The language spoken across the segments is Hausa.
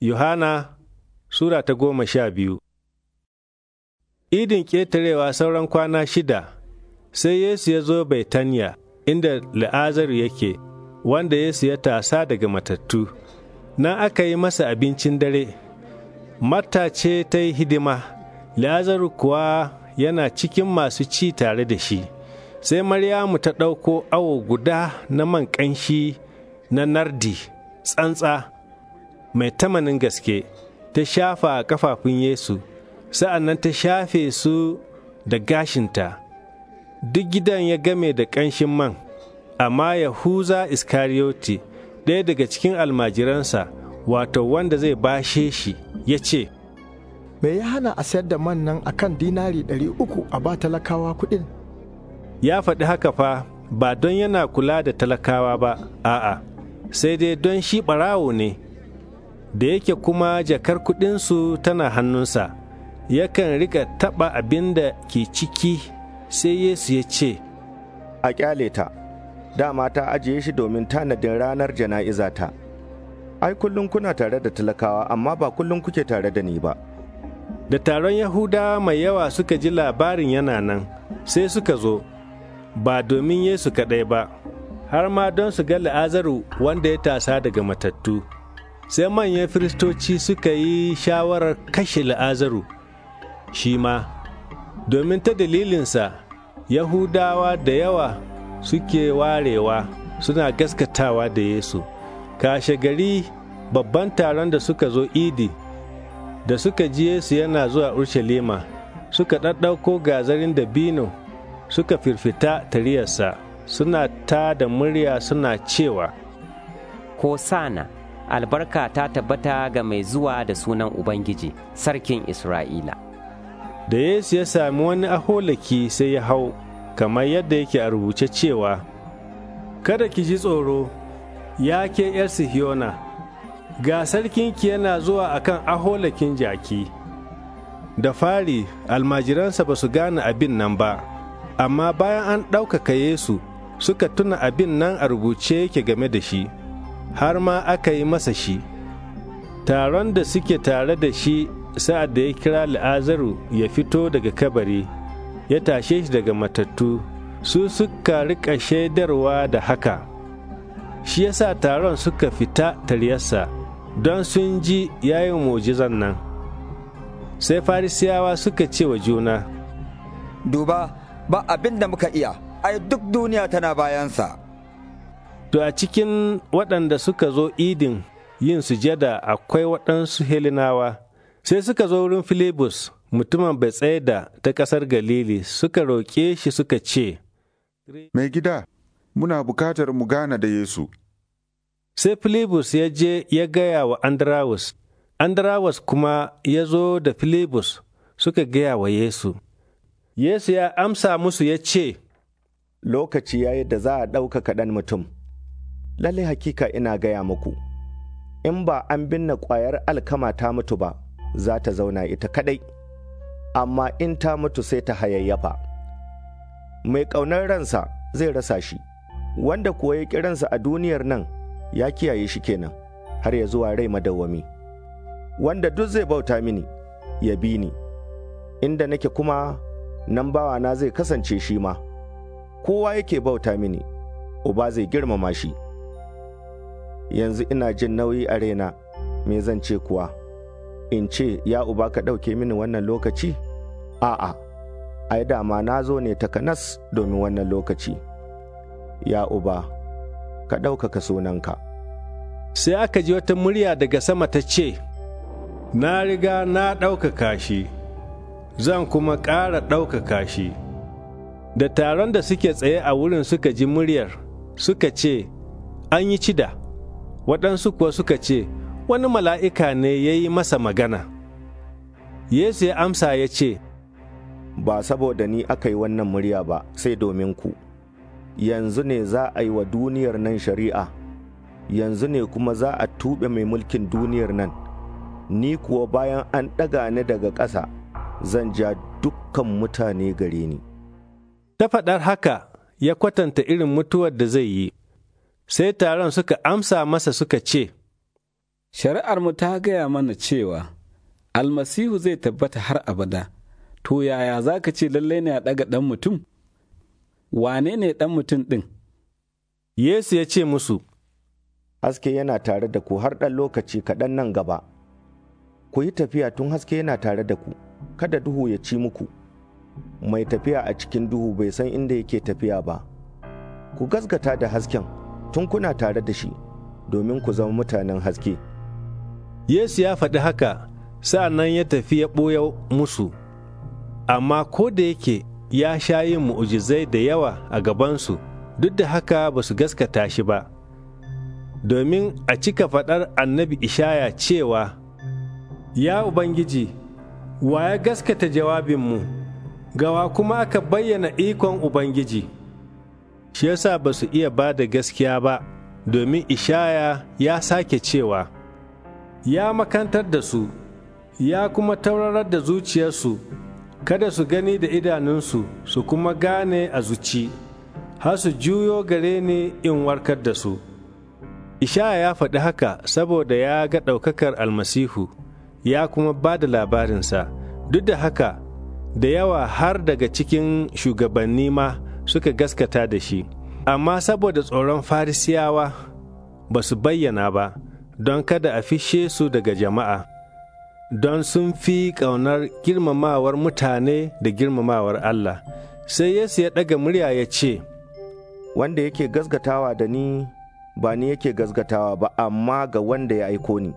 Yohana Sura ta goma sha biyu Idin ƙetarewa sauran kwana shida, sai Yesu ya zo Baitanya inda la'azaru yake, wanda Yesu ya tasa daga matattu, Na aka yi masa abincin dare. Matace ce ta yi hidima, la'azaru kuwa yana cikin masu ci tare da shi. Sai Maryamu ta ɗauko awo guda na man ƙanshi na nardi, tsantsa. mai tamanin gaske ta shafa a kafafun Yesu, sa'an nan ta shafe su da gashinta, duk gidan ya game da ƙanshin man, amma Yahuza Iskariyoti, ɗaya daga cikin almajiransa, wato wanda zai bashe shi, ya ce, Me ya hana a sayar da man nan a kan dinari ɗari uku a ba talakawa kuɗin? Ya faɗi haka fa ba don yana kula da talakawa ba, a'a, sai dai don shi ɓarawo ne. da yake kuma jakar kuɗinsu tana hannunsa, yakan rika taɓa abin da ke ciki sai Yesu ya ce, A ƙyale ta, dama ta ajiye shi domin tanadin ranar jana'iza ta. Ai, kullum kuna tare da talakawa, amma ba kullum kuke tare da ni ba. Da taron Yahuda mai yawa suka ji labarin yana nan, sai suka zo, ba domin Yesu kaɗai ba, har ma don su ga la'azaru wanda ya tasa daga matattu. sai manyan firistoci suka yi shawarar kashe la'azaru shi ma domin ta dalilinsa yahudawa da yawa suke warewa suna gaskatawa da yesu kashe gari babban taron da suka zo idi da suka ji yesu yana zuwa urshalima suka ɗaɗɗauko gazarin da bino suka firfita tariyarsa suna ta da murya suna cewa Kosana. albarka ta tabbata ga mai zuwa da sunan Ubangiji, Sarkin Isra'ila. Da Yesu ya sami wani aholaki sai ya hau, kamar yadda yake a rubuce cewa, Kada ki ji tsoro, ya ke ’yar Sihiyona, ga sarkinki yana zuwa akan aholakin jaki. Da fari, almajiransa ba su gane abin nan ba, amma bayan an ɗaukaka Yesu, suka tuna abin nan a rubuce yake game da shi. har ma aka yi masa shi taron da suke tare da shi sa'ad da ya kira la'azaru ya fito daga kabari ya tashe shi daga matattu su suka riƙa shaidarwa da haka shi ya sa taron suka fita taryarsa don sun ji yayin mujizan nan sai farisiyawa suka ce wa juna duba ba abin da muka iya ai duk duniya tana bayansa To a cikin waɗanda suka zo idin yin sujada akwai waɗansu Helinawa, sai suka zo wurin Filibus mutumin da ta ƙasar Galili suka roƙe shi suka ce, Mai gida, muna bukatar mu gana da Yesu. Sai Filibus ya je ya gaya wa Andrawus, Andrawus kuma ya zo da Filibus suka gaya wa Yesu. Yesu ya amsa musu ya ce, Lokaci ya yi da za a ɗaukaka ɗan mutum. lalle hakika ina gaya muku, in ba an binne ƙwayar alkama ta mutu ba, za ta zauna ita kaɗai, amma in ta mutu sai ta hayayyafa. Mai ƙaunar ransa zai rasa shi, wanda kuwa ya ransa a duniyar nan ya kiyaye shi kenan, har ya zuwa rai madawwami. Wanda duk zai bauta mini, ya bi ni, inda nake kuma nan bawana zai kasance shi ma, kowa yake bauta mini, uba zai girmama shi. yanzu ina jin nauyi a raina me zan ce kuwa in ce ya uba ka ɗauke mini wannan lokaci a'a ai dama na zo ne takanas domin wannan lokaci ya uba ka ɗaukaka sunanka sai aka ji wata murya daga sama ta ce na riga na ɗaukaka shi zan kuma ƙara ɗaukaka shi da taron da suke tsaye a wurin suka ji muryar suka ce an yi cida waɗansu kuwa suka ce, Wani mala'ika ne ya yi masa magana. Yesu ya amsa ya ce, Ba saboda ni aka yi wannan murya ba, sai domin ku, yanzu ne za a yi wa duniyar nan shari'a, yanzu ne kuma za a tuɓe mai mulkin duniyar nan, ni kuwa bayan an ɗaga ni daga ƙasa, zan ja dukkan mutane gare ni. Ta faɗar haka ya kwatanta irin mutuwar da zai yi. Sai taron suka amsa masa suka ce, Shari'armu ta gaya mana cewa, Almasihu zai tabbata har abada, to yaya za ka ce lallai ne a ɗaga ɗan mutum? Wane ne ɗan mutum ɗin? Yesu ya ce musu, Haske yana tare da ku har ɗan lokaci kaɗan nan gaba, ku yi tafiya tun haske yana tare da ku, kada duhu ya ci muku. Mai tafiya a cikin duhu bai san inda yake tafiya ba, ku gasgata da hasken. tun kuna tare da shi domin ku zama mutanen haske. Yesu ya faɗi haka sa'an nan ya tafi ya ɓoya musu, amma ko da yake ya sha yin mu'ujizai da yawa a gabansu duk da haka ba su gaskata shi ba. Domin a cika faɗar annabi Ishaya cewa, Ya Ubangiji, wa ya gaskata jawabinmu, gawa kuma aka bayyana ikon Ubangiji. shi yasa ba su iya ba da gaskiya ba domin ishaya ya sake cewa ya makantar da su ya kuma taurarar da zuciyarsu kada su gani da idanunsu su kuma gane a zuci har su juyo gare ni in warkar da su ishaya ya faɗi haka saboda ya ga ɗaukakar almasihu ya kuma ba da labarinsa duk da haka da yawa har daga cikin shugabanni ma suka gaskata da shi amma saboda tsoron farisiyawa ba su bayyana ba don kada a fishe su daga jama'a don sun fi ƙaunar girmamawar mutane da girmamawar Allah sai Yesu ya ɗaga murya ya ce wanda yake gaskatawa da ni ba ni yake gaskatawa ba amma ga wanda ya aiko ni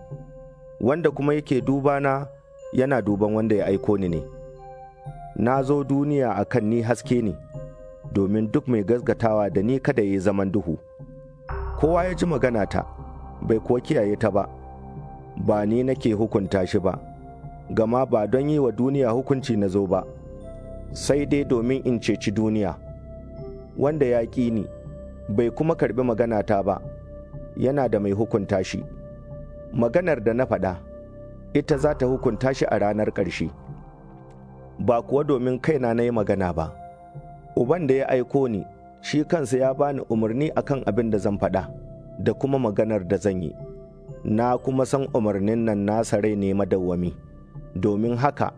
wanda kuma yake dubana yana duban wanda ya aiko ni ne na zo duniya a kan ni haske ne domin duk mai gasgatawa da ni kada ya yi zaman duhu. Kowa ya ji magana ta, bai kuwa kiyaye ta ba, ba ni nake hukunta shi ba, gama ba don yi wa duniya hukunci na zo ba, sai dai domin in ceci duniya. Wanda ya ƙi ni, bai kuma karɓi magana ta ba, yana da mai hukunta shi. Maganar da na faɗa, ita za ta hukunta shi a ranar ƙarshe. Ba kuwa domin kaina na yi magana ba. Uban da ya aiko ni, shi kansa ya bani umarni akan abin da zan faɗa, da kuma maganar da zan yi. Na kuma san umarnin nan nasa rai ne madawwami, domin haka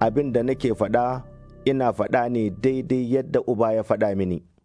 abin da nake faɗa ina faɗa ne daidai yadda Uba ya faɗa mini.